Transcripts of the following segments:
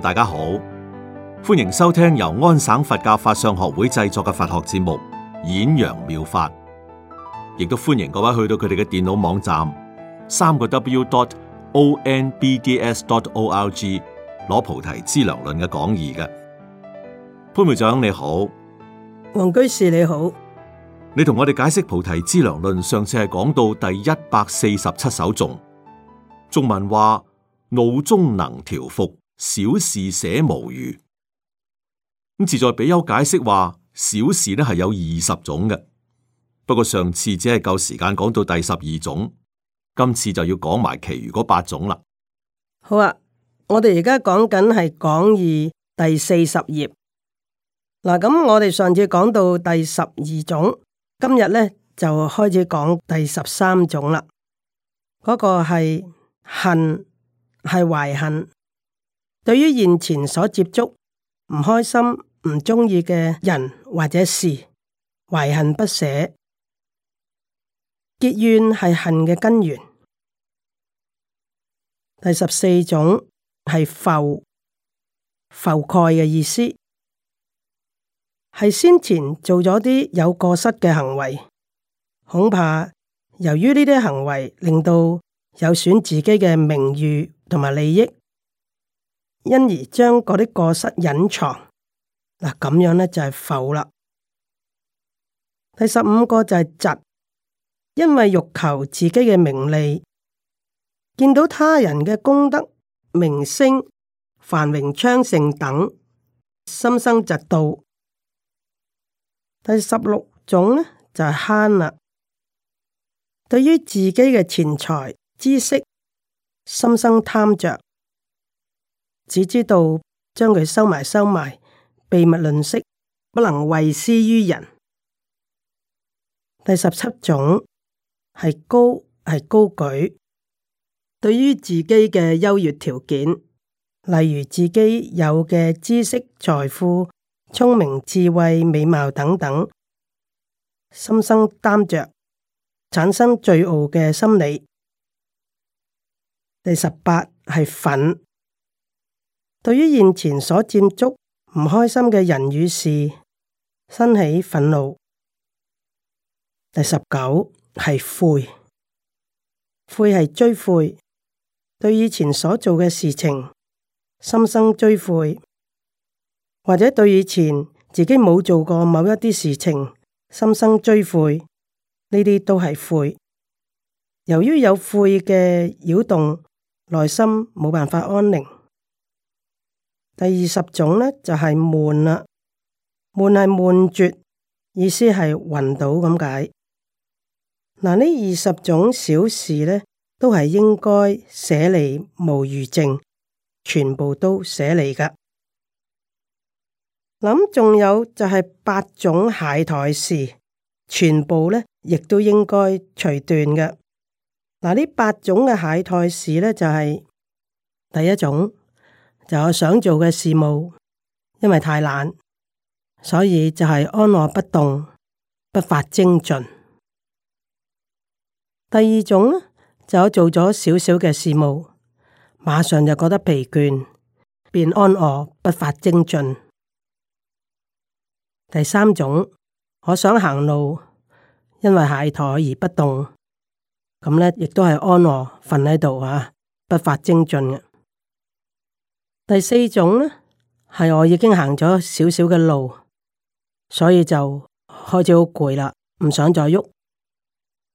大家好，歡迎收聽由安省佛教法相學會製作嘅佛學節目《演揚妙法》，亦都歡迎各位去到佢哋嘅電腦網站三個 W 點 O N B D S 點 O R G 攞菩提資糧論嘅講義嘅，潘會長你好，黃居士你好，你同我哋解釋菩提資糧論，上次係講到第一百四十七首頌，頌文話腦中能調伏。小事寫無餘。咁，自在比丘解釋話，小事呢係有二十種嘅。不過上次只係夠時間講到，啊、到第十二種，今次就要講埋其餘嗰八種啦。好啊，我哋而家講緊係講義第四十頁嗱。咁我哋上次講到第十二種，今日呢就開始講第十三種啦。嗰、個係恨，係懷恨。對於現前所接觸唔開心、唔中意嘅人或者事，懷恨不捨、結怨係恨嘅根源。第十四種係覆，覆蓋嘅意思，係先前做咗啲有過失嘅行為，恐怕由於呢啲行為令到有損自己嘅名譽同埋利益。因而將嗰啲過失隱藏，嗱，咁樣呢就係覆啦。第十五個就係嫉，因為欲求自己嘅名利，見到他人嘅功德、名聲、繁榮昌盛等，心生嫉妒。第十六種呢就係慳啦，對於自己嘅錢財、知識，心生貪着。只知道將佢收埋收埋，秘密論識，不能為師於人。第十七種係高係高舉，對於自己嘅優越條件，例如自己有嘅知識、財富、聰明、智慧、美貌等等，心生擔着，產生罪傲嘅心理。第十八係憤。對於現前所占足唔開心嘅人與事，生起憤怒。第十九係悔，悔係追悔，對以前所做嘅事情心生追悔，或者對以前自己冇做過某一啲事情心生追悔，呢啲都係悔。由於有悔嘅擾動，內心冇辦法安寧。第二十種呢，就係悶啦，悶係悶絕，意思係暈倒咁解。嗱呢二十種小事呢，都係應該捨離無餘淨，全部都捨離噶。諗仲有就係八種懈怠事，全部呢亦都應該除斷嘅。嗱呢八種嘅懈怠事呢，就係、是、第一種。就有想做嘅事務，因為太懶，所以就係安臥不動，不發精進。第二種呢，就有做咗少少嘅事務，馬上就覺得疲倦，便安臥不發精進。第三種，我想行路，因為懈怠而不動，咁咧亦都係安臥瞓喺度啊，不發精進。第四種呢，係我已經行咗少少嘅路，所以就開始好攰啦，唔想再喐，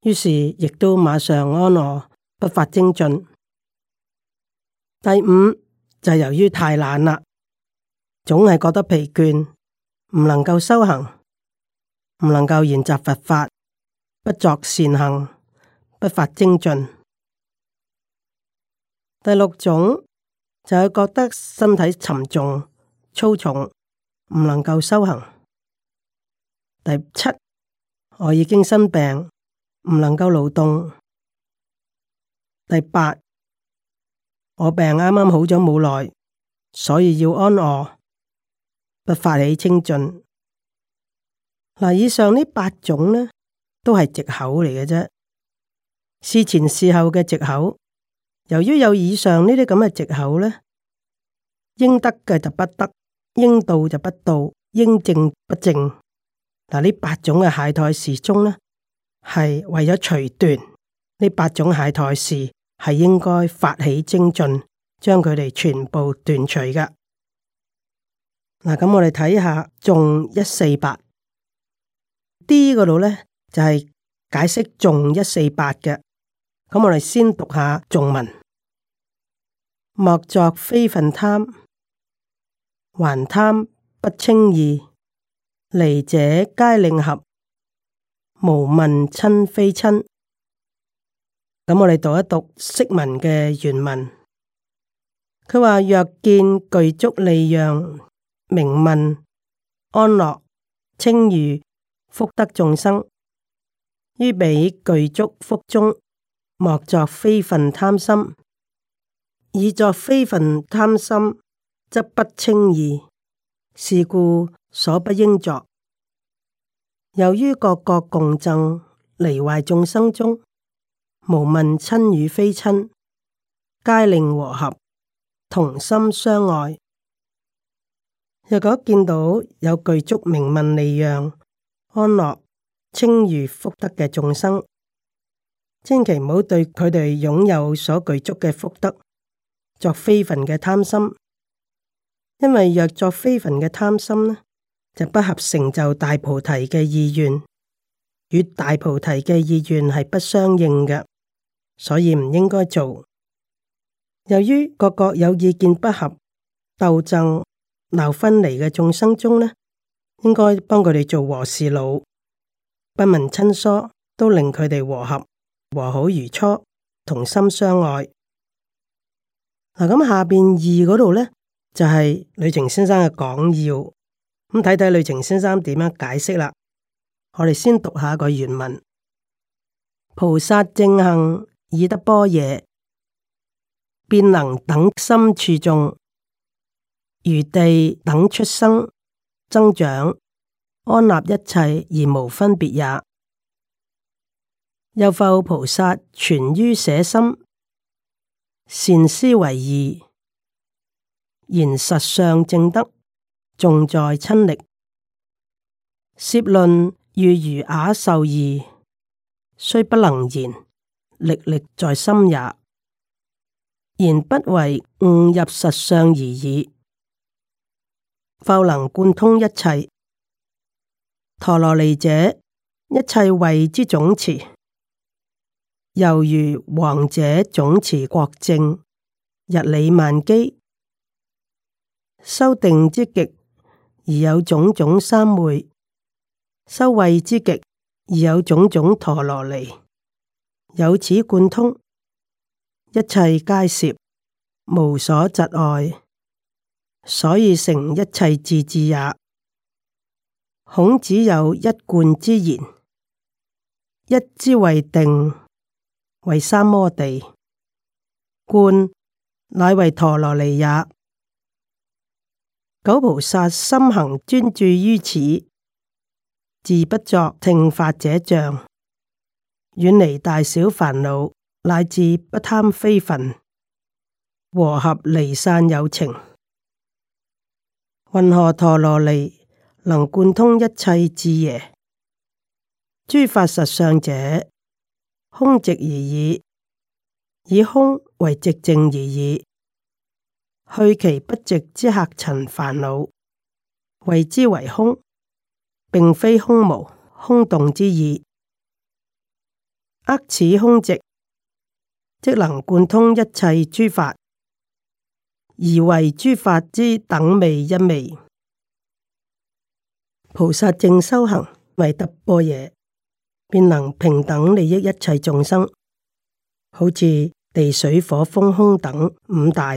於是亦都馬上安卧，不發精進。第五就係由於太懶啦，總係覺得疲倦，唔能夠修行，唔能夠研習佛法，不作善行，不發精進。第六種。就係覺得身體沉重、粗重，唔能夠修行。第七，我已經生病，唔能夠勞動。第八，我病啱啱好咗冇耐，所以要安臥，不發起精進。嗱，以上呢八種呢，都係借口嚟嘅啫，事前事後嘅借口。由於有以上呢啲咁嘅借口咧，應得嘅就不得，應到就不到，應正不正。嗱，呢八種嘅懈怠時鐘咧，係為咗除斷呢八種懈怠時，時，係應該發起精進，將佢哋全部斷除嘅。嗱，咁我哋睇下頌一四八 D 嗰度咧，就係、是、解釋頌一四八嘅。咁我哋先讀下頌文。莫作非分貪，還貪不稱義，離者皆令合，無問親非親。咁我哋讀一讀釋文嘅原文，佢話，若見具足利養名聞安樂稱譽福德眾生，於彼具足福中，莫作非分貪心。以作非分貪心，則不稱義，是故所不應作。由於各國共振，離壞眾生中，無問親與非親，皆令和合，同心相愛。若果見到有具足名聞利養、安樂、清如福德嘅眾生，千祈唔好對佢哋擁有所具足嘅福德。作非分嘅貪心，因為若作非分嘅貪心呢，就不合成就大菩提嘅意願，與大菩提嘅意願係不相應嘅，所以唔應該做。由於各各有意見不合、鬥爭、鬧分離嘅眾生中呢，應該幫佢哋做和事佬，不問親疏，都令佢哋和合、和好如初、同心相愛。嗱，咁、啊、下邊二嗰度呢，就係呂澄先生嘅講要，咁睇睇呂澄先生點樣解釋啦。我哋先讀下一個原文：菩薩正行，以得般若，便能等心處眾，如地等出生增長安立一切而無分別也。又否菩薩存於捨心？善思為義，言實相正德，重在親力。涉論欲儒雅受耳，雖不能言，歷歷在心也。言不為誤入實相而已。否能貫通一切陀羅尼者，一切慧之總持。猶如王者總持國政，日理萬機；修定之極而有種種三昧，修慧之極而有種種陀羅尼。有此貫通，一切皆攝，無所窒礙，所以成一切智智也。孔子有一貫之言：一之謂定。為三摩地觀，乃為陀羅尼也。九菩薩心行專注於此，自不作聽法者像，遠離大小煩惱，乃至不貪非分，和合離散有情。雲何陀羅尼，能貫通一切智耶？諸法實相者。空寂而已，以空為寂靜而已，去其不寂之客塵煩惱，為之為空，並非空無、空洞之意。呃，此空寂，即能貫通一切諸法，而為諸法之等味一味。菩薩正修行，為得般若。便能平等利益一切眾生，好似地水火風空等五大，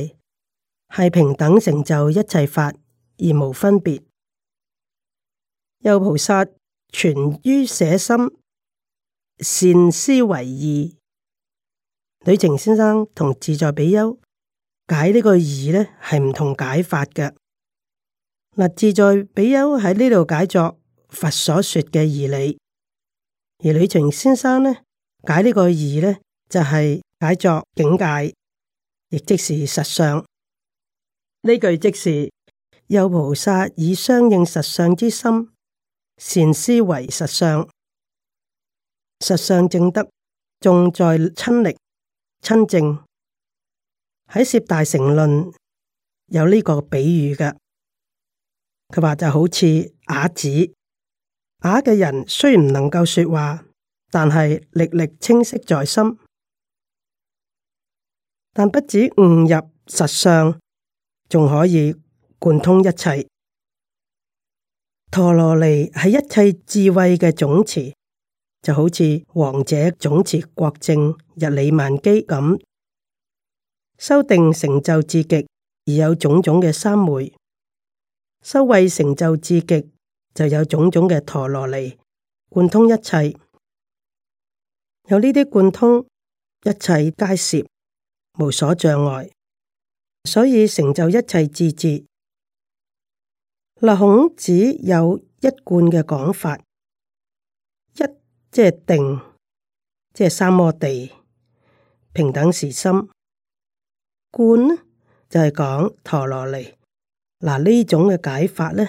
係平等成就一切法而無分別。又菩薩存於捨心，善思為義。呂澂先生同自在比丘解呢個義咧，係唔同解法嘅。嗱，自在比丘喺呢度解作佛所說嘅義理。而李澄先生呢解呢個義呢就係、是、解作境界，亦即是實相。呢句即是有菩薩以相應實相之心，善思為實相。實相正德，重在親力親證。喺《攝大乘論》有呢個比喻嘅，佢話就好似啞子，啞嘅、啊、人雖然唔能夠說話，但係歷歷清晰在心。但不止悟入實相，仲可以貫通一切。陀羅尼係一切智慧嘅總持，就好似王者總持國政，日理萬機咁，修定成就至極而有種種嘅三昧，修慧成就至極。就有種種嘅陀羅尼貫通一切，有呢啲貫通一切皆涉，無所障礙，所以成就一切智智。嗱，孔子有一貫嘅講法，一即係定，即係三摩地，平等時心。貫就係講陀羅尼。嗱，呢種嘅解法呢？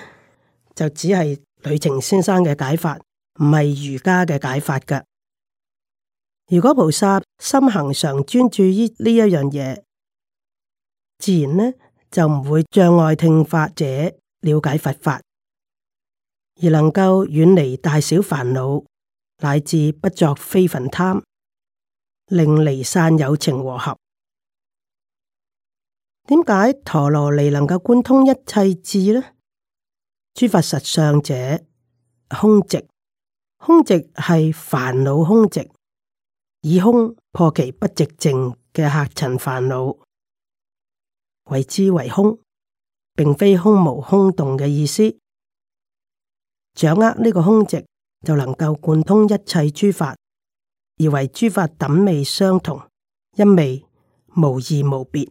就只係呂澂先生嘅解法，唔係儒家嘅解法噶。如果菩薩心行常專注於呢一樣嘢，自然呢就唔會障礙聽法者了解佛法，而能夠遠離大小煩惱，乃至不作非分貪，令離散有情和合。點解陀羅尼能夠貫通一切智呢？諸法實相者空寂，空寂係煩惱空寂，以空破其不寂靜嘅客塵煩惱，謂之為空，並非空無空洞嘅意思。掌握呢個空寂，就能夠貫通一切諸法，而為諸法等味相同，一味無異無別。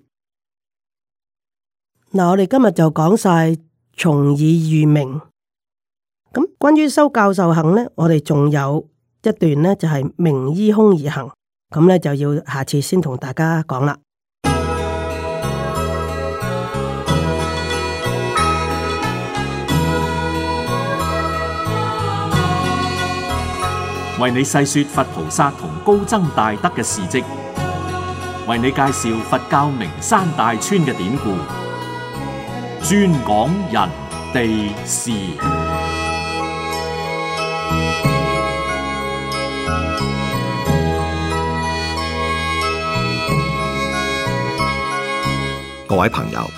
嗱，我哋今日就講晒。從以譽名，咁關於修教授行呢，我哋仲有一段呢，就係名依空而行，咁呢，就要下次先同大家講啦。為你細說佛菩薩同高僧大德嘅事跡，為你介紹佛教名山大川嘅典故。專講人地事。各位朋友，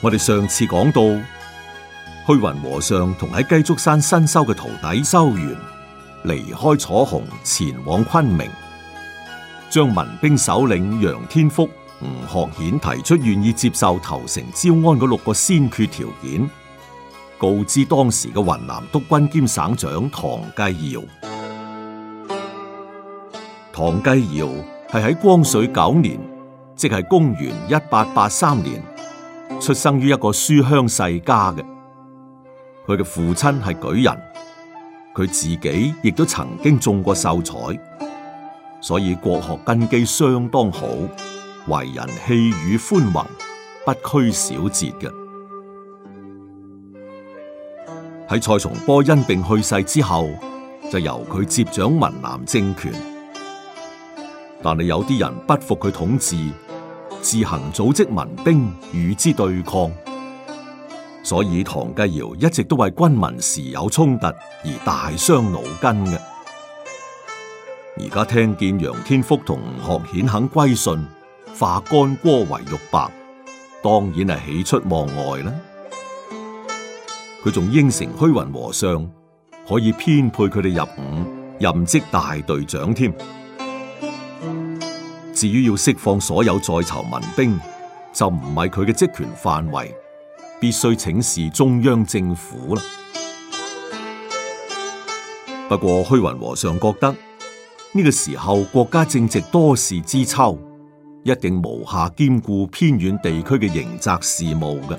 我哋上次講到，虛雲和尚同喺雞足山新收嘅徒弟修緣離開楚雄，前往昆明，將民兵首領楊天福。吳學顯提出願意接受投誠招安嗰六個先決條件，告知當時嘅雲南督軍兼省長唐繼堯。唐繼堯係喺光緒九年，即係公元一八八三年，出生於一個書香世家嘅。佢嘅父親係舉人，佢自己亦都曾經中過秀才，所以國學根基相當好。為人氣宇寬宏，不拘小節嘅。喺蔡松坡因病去世之後，就由佢接掌雲南政權。但係有啲人不服佢統治，自行組織民兵與之對抗。所以唐繼堯一直都為軍民時有衝突而大傷腦筋嘅。而家聽見楊天福同吳學顯肯歸順。化干戈為玉帛，當然係喜出望外啦！佢仲應承虛雲和尚可以編配佢哋入伍，任職大隊長添。至於要釋放所有在囚民兵，就唔係佢嘅職權範圍，必須請示中央政府啦。不過虛雲和尚覺得呢個時候國家正值多事之秋。一定無暇兼顧偏遠地區嘅刑責事務嘅，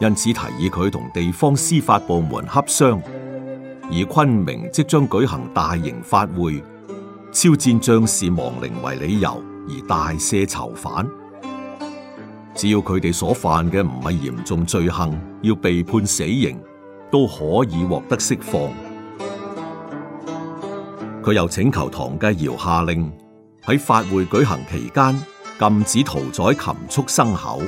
因此提議佢同地方司法部門協商，以昆明即將舉行大型法會、超戰將士亡靈為理由而大赦囚犯。只要佢哋所犯嘅唔係嚴重罪行，要被判死刑都可以獲得釋放。佢又請求唐繼堯下令。喺法會舉行期間，禁止屠宰禽畜牲口。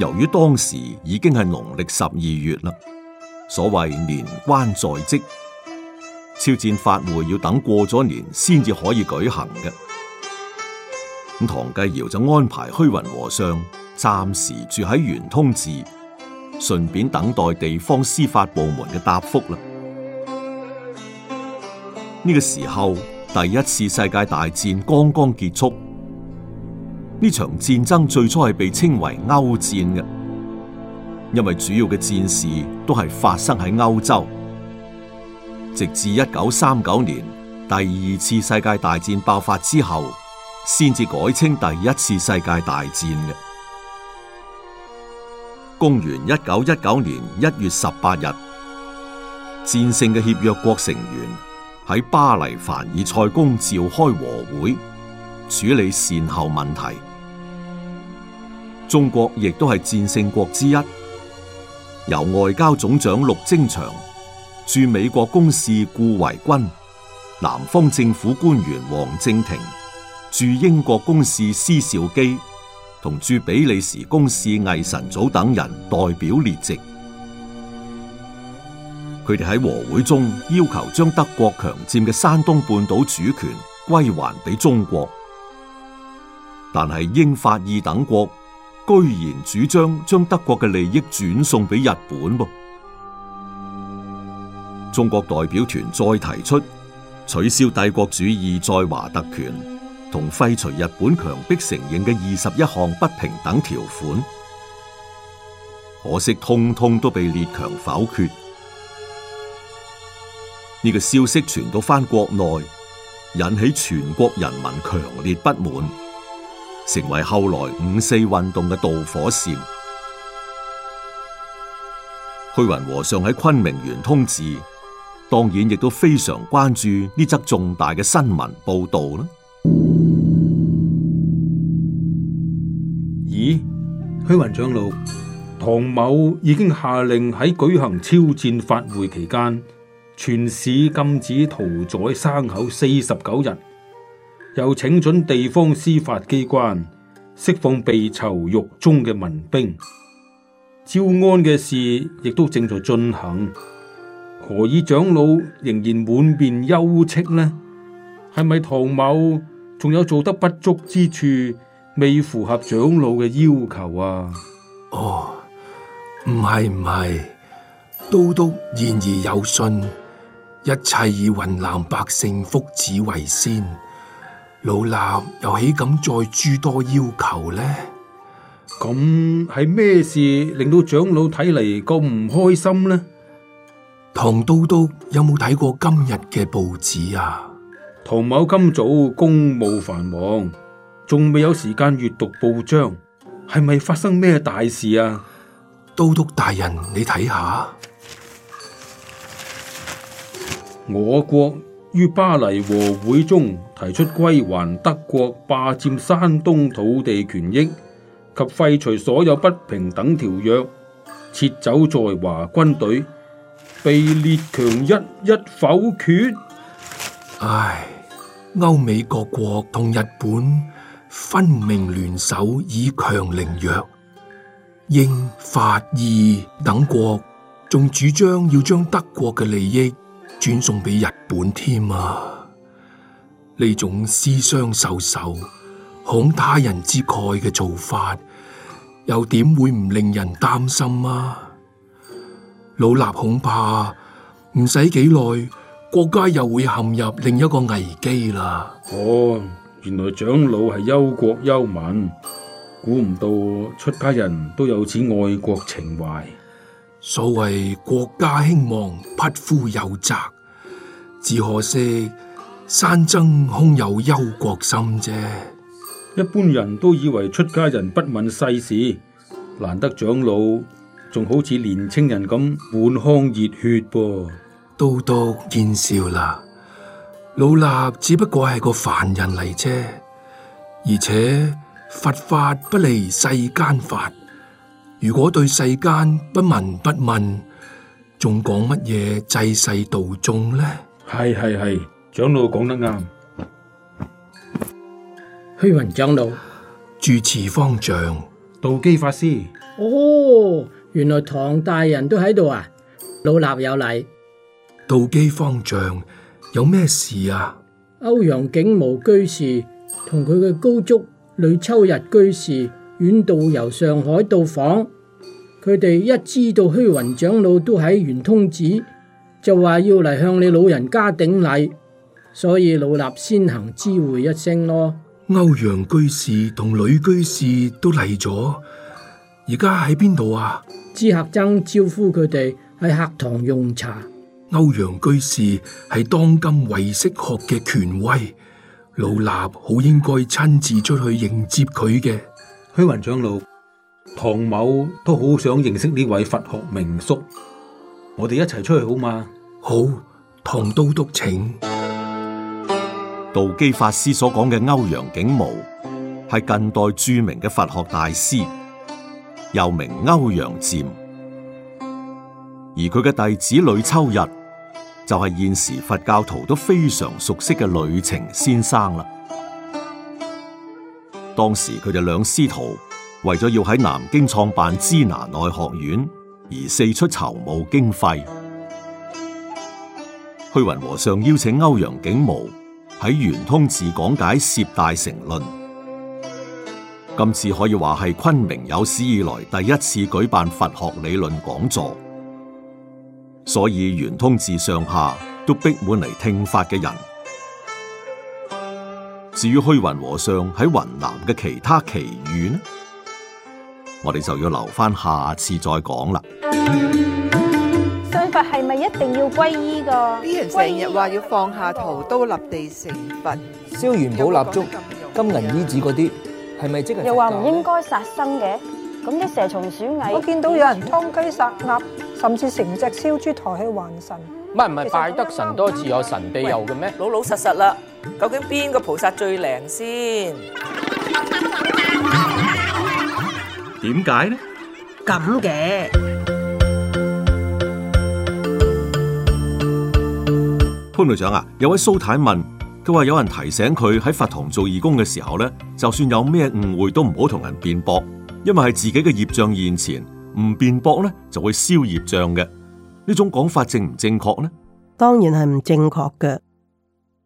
由於當時已經係農曆十二月啦，所謂年關在即，超戰法會要等過咗年先至可以舉行嘅。咁唐繼堯就安排虛雲和尚暫時住喺圓通寺，順便等待地方司法部門嘅答覆啦。呢、這個時候。第一次世界大戰剛剛結束，呢場戰爭最初係被稱為歐戰嘅，因為主要嘅戰事都係發生喺歐洲。直至一九三九年第二次世界大戰爆發之後，先至改稱第一次世界大戰嘅。公元一九一九年一月十八日，戰勝嘅協約國成員。喺巴黎凡爾賽宮召開和會，處理善後問題。中國亦都係戰勝國之一，由外交總長陸徵祥、駐美國公使顧維鈞、南方政府官員王正廷、駐英國公使施肇基同駐比利時公使魏神祖等人代表列席。佢哋喺和會中要求將德國強占嘅山東半島主權歸還俾中國但，但係英法意等國居然主張將德國嘅利益轉送俾日本噃。中國代表團再提出取消帝國主義在華特權，同廢除日本強迫承認嘅二十一項不平等條款，可惜通通都被列強否決。呢個消息傳到翻國內，引起全國人民強烈不滿，成為後來五四運動嘅導火線。虛雲和尚喺昆明圓通寺，當然亦都非常關注呢則重大嘅新聞報道啦。咦？虛雲長老，唐某已經下令喺舉行超戰法會期間，全市禁止屠宰牲口，四十九日，又請准地方司法機關釋放被囚獄中嘅民兵。招安嘅事亦都正在進行，何以長老仍然滿面憂戚呢？係咪唐某仲有做得不足之處，未符合長老嘅要求啊？哦，唔係唔係，都督言而有信。一切以雲南百姓福祉為先，老衲又豈敢再諸多要求呢？咁，係咩事令到長老睇嚟咁唔開心呢？唐都督有冇睇過今日嘅報紙啊？唐某今早公務繁忙，仲未有時間閱讀報章，係咪發生咩大事啊？都督大人，你睇下。我國於巴黎和會中提出歸還德國霸佔山東土地權益及廢除所有不平等條約、撤走在華軍隊，被列強一一否決。唉，歐美各國同日本分明聯手以強凌弱，英法意等國仲主張要將德國嘅利益。轉送俾日本添啊！呢種私相授受，恐他人之慨嘅做法，又點會唔令人擔心啊？老衲恐怕唔使幾耐，國家又會陷入另一個危機啦。哦，原來長老係憂國憂民，估唔到出家人都有此愛國情懷。所謂國家興亡，匹夫有責。只可惜山僧空有憂國心啫。一般人都以為出家人不問世事，難得長老仲好似年青人咁滿腔熱血噃。多多見笑啦，老衲只不過係個凡人嚟啫，而且佛法不離世間法。如果對世間不聞不問，仲講乜嘢濟世度眾呢？係係係，長老講得啱。虛雲長老，住持方丈，道基法師。哦，原來唐大人都喺度啊！老衲有禮。道基方丈，有咩事啊？歐陽竟無居士同佢嘅高足呂秋逸居士。遠道由上海到訪，佢哋一知道虛雲長老都喺圓通寺，就話要嚟向你老人家頂禮，所以老衲先行知會一聲咯。歐陽居士同女居士都嚟咗，而家喺邊度啊？知客僧招呼佢哋喺客堂用茶。歐陽居士係當今唯識學嘅權威，老衲好應該親自出去迎接佢嘅。虛雲長老，唐某都好想認識呢位佛學名宿，我哋一齊出去好嗎？好，唐都督請。道基法師所講嘅歐陽竟無，係近代著名嘅佛學大師，又名歐陽漸。而佢嘅弟子呂秋逸，就係現時佛教徒都非常熟悉嘅呂澂先生啦。當時佢哋兩師徒為咗要喺南京創辦支那內學院，而四出籌募經費。虛雲和尚邀請歐陽竟無喺圓通寺講解《攝大乘論》，今次可以話係昆明有史以來第一次舉辦佛學理論講座，所以圓通寺上下都逼滿嚟聽法嘅人。至於虛雲和尚喺雲南嘅其他奇遇呢，我哋就要留翻下，下次再講啦。信佛係咪一定要皈依噶？啲人成日話要放下屠刀立地成佛，燒醫元寶蠟燭、金銀衣紙嗰啲，係咪、嗯、即係？又話唔應該殺生嘅，咁啲蛇蟲鼠蟻，我見到有人劏雞殺鴨，甚至成隻燒豬抬去還神。唔係唔係，拜得神多自有神庇佑嘅咩？老老實實啦。究竟邊個菩薩最靈先？點解呢？咁嘅潘隊長啊，有位蘇太問，佢話有人提醒佢喺佛堂做義工嘅時候咧，就算有咩誤會都唔好同人辯駁，因為係自己嘅業障現前，唔辯駁咧就會燒業障嘅。呢種講法正唔正確呢？當然係唔正確嘅。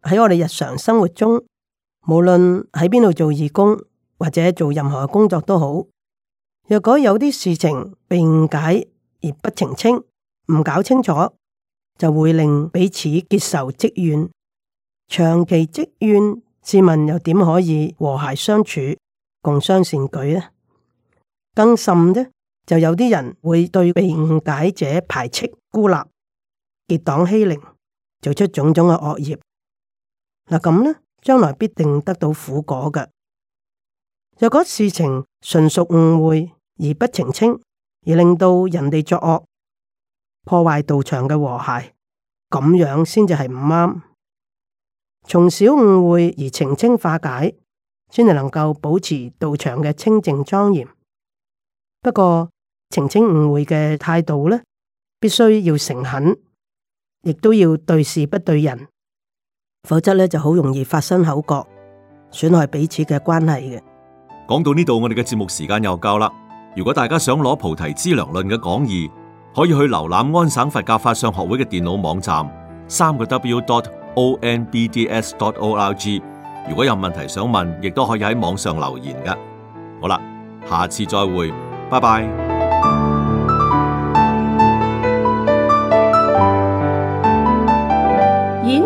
喺我哋日常生活中，無論喺邊度做義工或者做任何工作都好，若果有啲事情被誤解而不澄清、唔搞清楚，就會令彼此結仇積怨，長期積怨，試問又點可以和諧相處、共襄善舉呢？更甚呢，就有啲人會對被誤解者排斥孤立、結黨欺凌，做出種種嘅惡業。嗱咁咧，將來必定得到苦果嘅。若果事情純屬誤會而不澄清，而令到人哋作惡破壞道場嘅和諧，咁樣先至係唔啱。從小誤會而澄清化解，先至能夠保持道場嘅清淨莊嚴。不過澄清誤會嘅態度咧，必須要誠懇，亦都要對事不對人。否則咧就好容易發生口角，損害彼此嘅關係嘅。講到呢度，我哋嘅節目時間又夠啦。如果大家想攞菩提資糧論嘅講義，可以去瀏覽安省佛教法相學會嘅電腦網站，三個 W dot O N B D S dot O R G。如果有問題想問，亦都可以喺網上留言噶。好啦，下次再會，拜拜。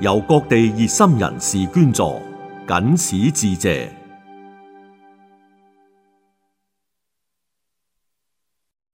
由各地熱心人士捐助，謹此致謝。